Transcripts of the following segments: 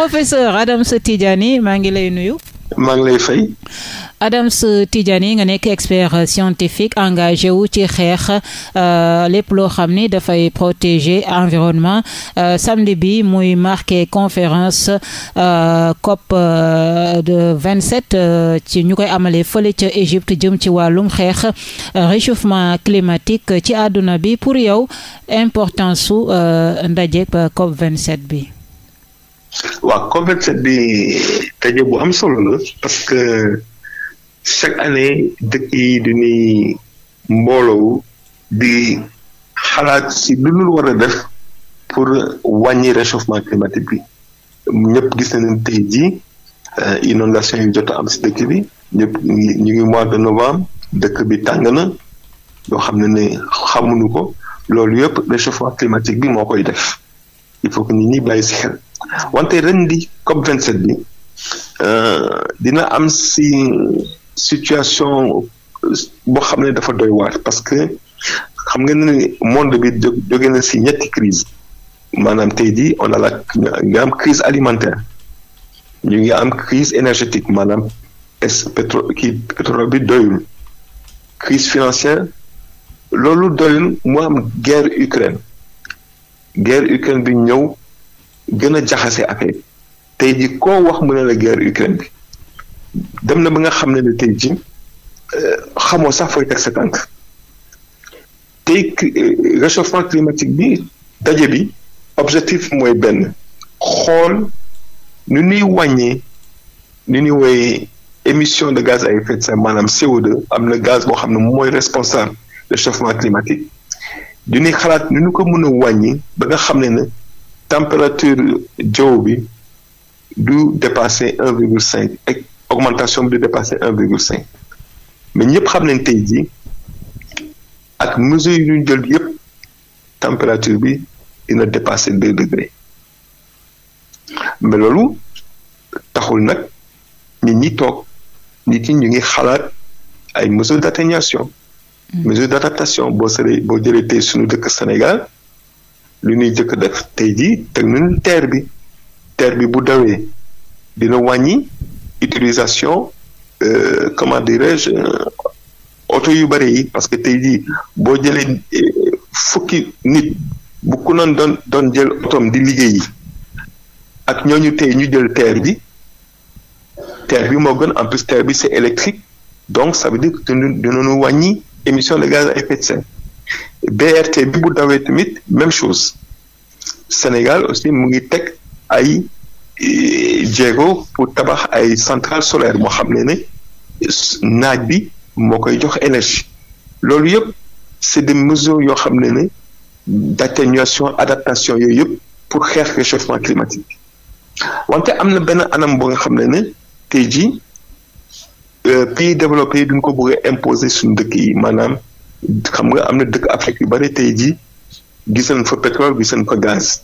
professeur Adams Tidjani maa ngi lay nuyu. maa ngi lay Adams Tidjani nga nekk expert scientifique engagé wu ci xeex euh, lépp loo xam ni dafay protéger environnement euh, samedi bi muy marqué conférence euh, COP de 27 ci ñu koy amalee fole ca Égypte jëm ci wàllum xeex réchauffement climatique ci àdduna bi pour yow importance su ndaje COP 27 bi. waaw COP27 bi taje bu am solo la parce que chaque année dëkk yi dañuy mbooloo di xalaat si lu ñu war a def pour wàññi réchauffement climatique bi ñëpp gis nañu tey jii euh, inondation yu jot am si dëkk bi ñëpp ñu ngi mois de novembre dëkk bi tàng na yoo xam ne ne xamuñu ko loolu yëpp réchauffement climatique bi moo koy def il faut que nit ñi bàyyi si xel. wante ren di COP 27 bi euh, dina am si situation boo xam ne dafa doy waar parce que xam nga ne monde bi jóge na si ñetti crise maanaam tey jii on a la nga am crise alimentaire ñu ngi am crise énergétique maanaam est kii pétrole bi doyul crise financière loolu doyul mu am guerre Ukraine guerre Ukraine bi ñëw gën a jaxasee affaire tey ji koo wax mu ne la guerre Ukraine bi dem na ba nga xam ne ne tey ji euh, xamoo sax fooy teg sa tànk tey euh, réchauffement climatique bi daje bi objectif mooy benn xool nu ñuy wàññee nu ñuy woy émission de gaz à effet de maanaam CO2 am na gaz boo xam ne mooy responsable réchauffement climatique du ñuy xalaat nu ñu ko mën wàññi ba nga xam ne ne température jaww bi du dépasser un virgule cinq ak augmentation bi du dépasser un virgule cinq mais ñëpp xam nañ tey jii ak mesure yu ñu jël yëpp température bi dina dépassé deux degrés mais loolu taxul nag nit ñi toog nit ñi ñu ngi xalaat ay mesures d'atténuation mm. mesures d'adaptation boo sëree boo jëlee tey suñu dëkk Sénégal lu ñuy jëkk def tey jii teg nañu terre bi terre bi bu dawee dina wàññi utilisation euh, comment dirais-je euh, oto yu bëri yi parce que tey jii boo jëlee euh, fukki nit bu ku noon doon doon jël otoom di liggéey yi ak ñooñu tey ñu jël terre bi terre bi moo gën en plus terre bi c'est électrique donc ça veut dire que dinañu wàññi émission de gaz à effet de BRT bi bu dawee tamit même chose Sénégal aussi mu ngi teg ay e, jéego pour tabax ay centrale solaire moo xam ne ne naaj bi moo koy jox énergie loolu yëpp c'est des mesures yoo xam ne ne d'atténuation adaptation yooyu yëpp pour xeex réchauffement climatique wante am na benn anam bu nga xam ne ne tey jii euh, pays développé yi duñ ko bëgg a imposer suñu dëkk yi maanaam xam nga am na dëkk Afrique yu bari tey jii gis nañ fa pétrole gis nañ fa gaz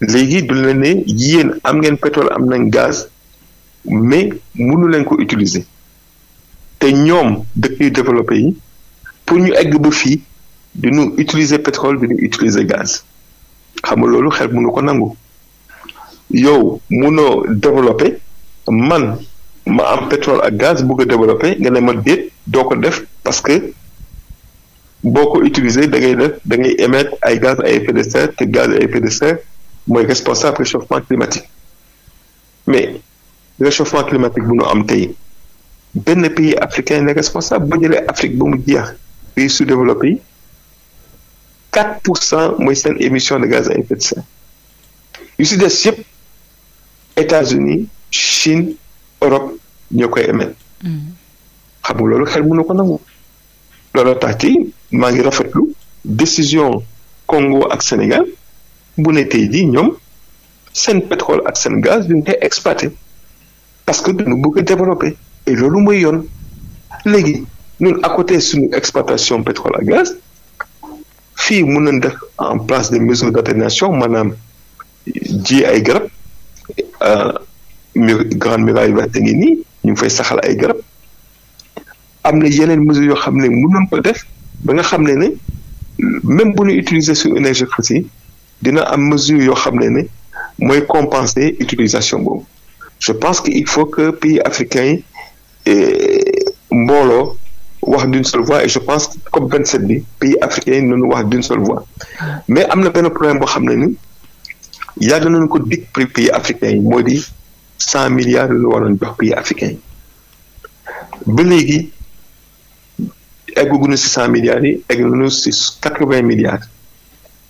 léegi du la ne yéen am ngeen pétrole am nañ gaz mais munu leen ko utiliser te ñoom dëkk yu développé yi pour ñu egg ba fii nu utiliser pétrole dinu utiliser gaz xam nga loolu xel mënu ko nangu yow mënoo développé man ma am pétrole a gaz bëgg a développé nga ne ma déet doo ko def parce que boo ko utiliser da ngay def da ngay émettre ay gaz à effet de serre te gaz à effet de serre mooy responsable réchauffement climatique mais réchauffement climatique bu nu am tey benn pays africain ne responsable boo jëlee Afrique ba mu jeex pays sous-développé yi pour cent mooy seen émission de gaz à de serre yu si des yëpp États-Unis Chine Europe ñoo koy émettre mm-hmm. xam nga loolu xel ko nangu loolu tax ci maa ngi rafetlu décision Congo ak Sénégal bu ne tey jii ñoom seen pétrole ak seen gaz duñ koy exploité parce que dañu bëgg a développé loolu mooy yoon léegi ñun à côté suñu exploitation pétrole ak gaz fii mun nañ def en place des mesures d'atténuation maanaam ji ay garab euh, mur grande muraille verte ngi nii ñu ngi fay saxal ay garab am na yeneen mesures yoo xam ne mënoon ko def ba nga xam ne ne même bu ñu utiliser sur énergie fossile dina am mesure yoo xam ne ne mooy compenser utilisation boobu je pense que il faut que pays africains yi eh, mbooloo wax d'une seule voix et je pense que comme COP27 bi pays africains yi wax d'une seule voix mais am na benn problème boo xam ne ni yàgg nañu ko dig pays africains yi di cent milliards yu ñu waroon jox pays africains ba léegi eggaguñu si cent milliards yi eggaguñu si quatre vingt milliards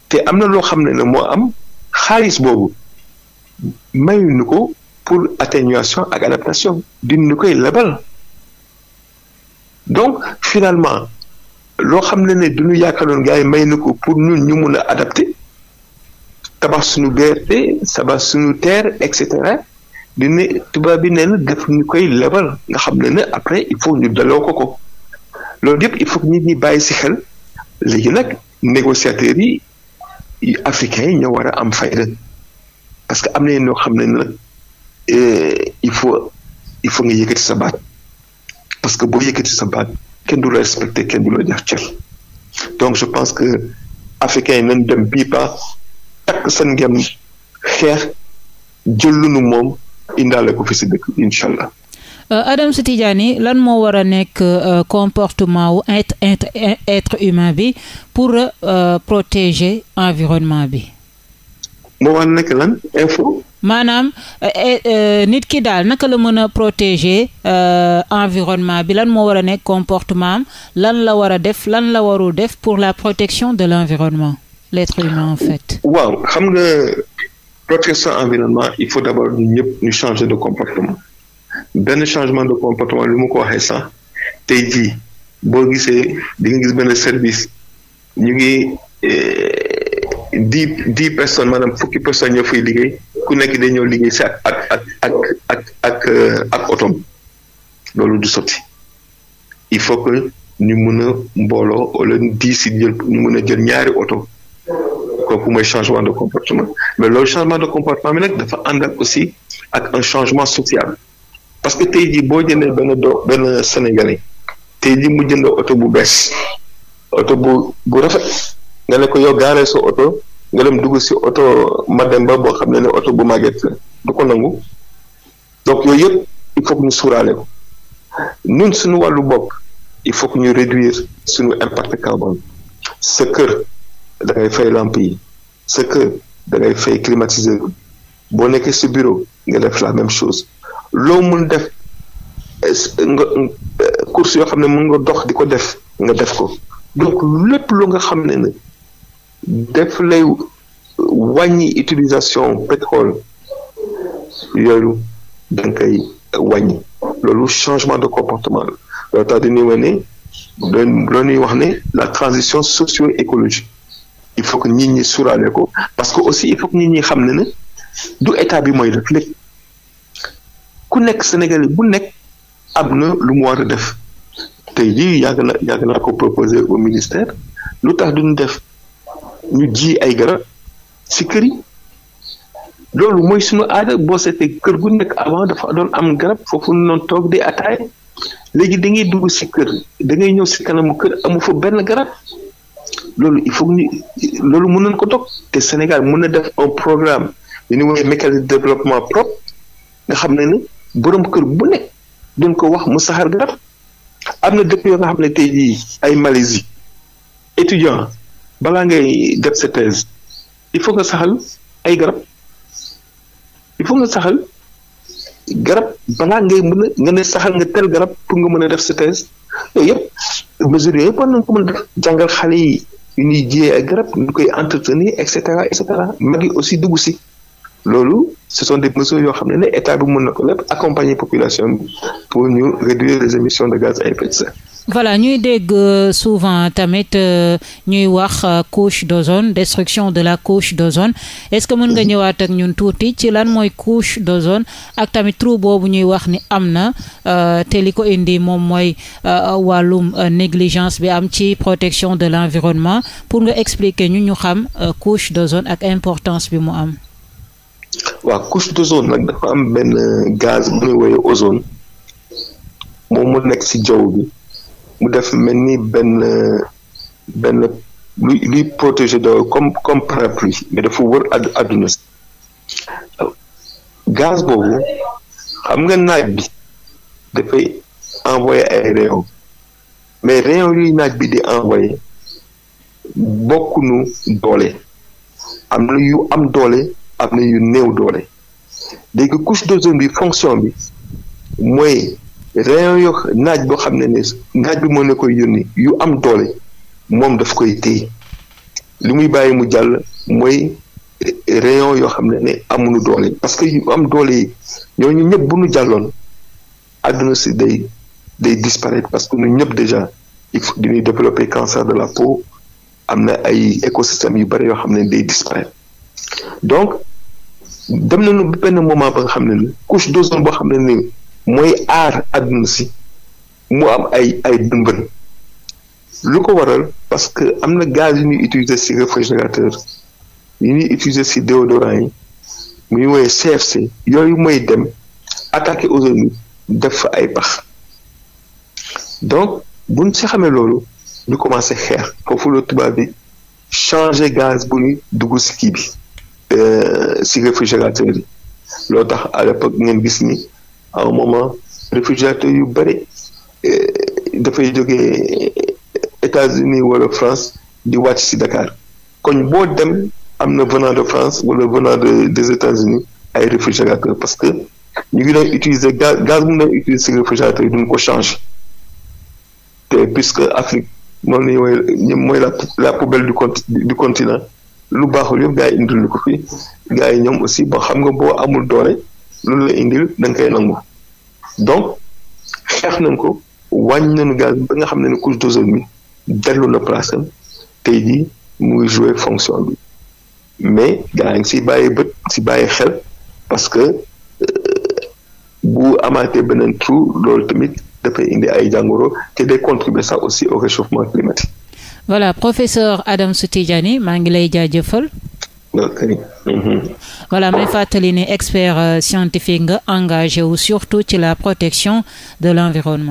te am na loo xam ne ne moo am xaalis boobu mayuñu ko pour atténuation ak adaptation dinañu koy lebal donc finalement loo xam ne ne duñu yaakaaroon gars yi may na ko pour ñun ñu mun a adapté tabax suñu BRT tabax suñu terre et cetera dina tubaab bi nee na def ñu koy lebal nga xam ne ne après il faut ñu daloo ko ko. loolu yëpp il faut nit ñi bàyyi si xel léegi nag négociateurs yi yu africains yi ñoo war a am fayda parce que am na ñoo xam ne nag eh, il faut il faut nga yëkkati sa baat parce que boo yëkkati sa baat kenn du la respecté ken du la jox cër donc je pense que africains yi nañ dem bii pas takk seen ngem xeex jël lu nu moom indaale ko fi si dëkk incha allah. Euh, Adams Tidjani lan moo war a nekk euh, comportement wu être être humain bi pour euh, protéger environnement bi. moo war a nekk lan info. maanaam nit ki daal naka la mën a protéger environnement bi lan moo war a nekk comportement lan la war a def lan la warul def pour la protection de l'environnement l'être humain en fait. waaw xam nga protection environnement il faut d'abord ñëpp ñu changer de comportement. benn changement de comportement li mu ko waxee sax tey jii boo gisee di nga gis benn service ñu ngi eh, dix dix personnes maanaam fukki personnes ñoo fay liggéey ku nekk day ñëw liggéey si ak ak ak ak ak ak eh, ak otom loolu du soti il faut que ñu mën a mbooloo wala di si jël ñu a jël ñaari oto kooku mooy changement de comportement mais lolu changement de comportement bi nag dafa ànd aussi ak un changement social parce que tey jii boo jëndee benn doo benn Sénégalais tey jii mu jëndee oto bu bees oto bu bu rafet nga ne ko yow gaaree sa oto nga dem dugg si oto Mademba boo xam ne ne oto bu màgget du ko nangu donc yooyu yëpp il faut que ñu suuraale ko ñun suñu wàllu bopp il faut que ñu réduire suñu impact carbone sa kër fay lamp yi sa kër fay climatiseur boo nekkee si bureau nga def la même chose loo mun def nga course yoo xam ne mën nga dox di ko def nga def ko donc lépp lu nga xam ne ne def lay wàññi utilisation pétrole yooyu da nga koy wàññi loolu changement de comportement la loolu tax dañuy wax ne loolu ñuy wax ne la transition socio-écologique il faut que nit ñi suuraale ko parce que aussi il faut que nit ñi xam ne ne du état bi mooy def lépp ku nekk Sénégalais bu nekk am na lu mu war def tey jii yàgg na yàgg na ko proposer au ministère lu tax duñu def ñu ji ay garab si kër yi loolu mooy suñu aada boo seetee kër gu nekk avant dafa doon am garab foofu noonu toog di ataay léegi da ngay dugg si kër da ngay ñëw si kanamu kër amu fa benn garab loolu il faut ñu loolu mën nañ ko dog te Sénégal mën na def un programme li ñu woowee mécanisme de développement propre nga xam na ni borom kër bu nekk duñ ko wax mu saxaar garab am na dëkk yoo nga xam ne tey jii ay Malaisie étudiant balaa ngay def sa thèse il faut nga saxal ay garab il faut nga saxal garab balaa ngay mën a nga ne saxal nga tel garab pour nga mën a def sa thèse yooyu yëpp mesure yooyu war nañ ko mun a def jàngal xale yi ñuy jiyee ay garab ñu koy entretenir et cetera et cetera mag yi aussi dugg si. loolu ce sont des mesures yoo xam ne ne état bi mën na ko lépp accompagner population pour ñu réduire les émissions de gaz à effet de voilà ñuy dégg euh, souvent tamit euh, ñuy wax euh, couche d'ozone destruction de la couche d'ozone est-ce que mën nga ñëwaat ak ñun tuuti ci lan mooy couche d'ozone ak tamit trou boobu ñuy wax ni am na te li ko indi moom mooy wàllum négligence bi am ci protection de l'environnement pour nga expliquer ñu ñu xam couche d'ozone ak importance bi mu am. waaw couche zone nag dafa am benn gaz bu ñuy woowee ozone moom mu nekk ci jaww bi mu def mel ni benn benn luy luy protéger doo comme comme parapluie mais dafa wër àdduna si gaz boobu xam nga naaj bi dafay envoyé ay rayon mais rayon yuy naaj bi di envoyé nu doole am na yu am doole am na yu néew doole léegi couche d'ozone bi fonction bi mooy rayon yo naaj boo xam ne ne naaj bi moo ne koy yu am doole moom daf koy téye li muy bàyyi mu jàll mooy rayon yoo xam ne ne amuñu doole parce que yu am doole yi ñooñu ñëpp bu ñu jàlloon àdduna si day day disparaître parce que ñu ñëpp déjà il faut dañuy développer cancer de la peau am na ay écosystèmes yu bëri yoo xam ne day disparaître donc dem nañu ba benn moment ba nga xam ne ni couche d'ozone boo xam ne ni mooy aar adduna si mu am ay ay dëmbën lu ko waral parce que am na gaz yu ñuy utiliser ci réfrigérateur yu ñuy utiliser ci déodorant yi muy woowee CFC yooyu mooy dem attaqué ozone def fa ay pax donc buñ ci xamee loolu ñu commencé xeex foofu la tubaab bi changé gaz bu ñuy dugg ci kii bi Euh, si réfrigérateur yi loo tax à l'époque ngeen gis ni à un moment réfrigérateur yu bëri euh, dafay jóge États-Unis wala France di wàcc si Dakar koñ boo dem am na venant de France wala venant de des États-Unis ay réfrigérateur parce que ñu ngi doon utiliser gaz gaz bu ñu doon utiliser si réfrigérateur yi duñ ko change te puisque Afrique moom la ñu mooy la la poubelle du continent lu baaxul yëpp gars yi indil ñu ko fi gars yi ñoom aussi boo xam nga boo amul doole loolu la indil da nga nangu donc xeex nañ ko wàññi nañu gaz ba nga xam ne couche d'ozone bi dellu na place am tey jii mu ngi jouer fonction bi mais gars yi si bàyyi bët si bàyyi xel parce que euh, bu amaatee beneen trou loolu tamit dafay indi ay jàngoro te day contribuer ça aussi au réchauffement climatique voilà professeur Adams Tidjani maa ngi lay jaajëfal. Mhm. voilà may ne expert euh, scientifique nga engagé wu surtout ci la protection de l'environnement.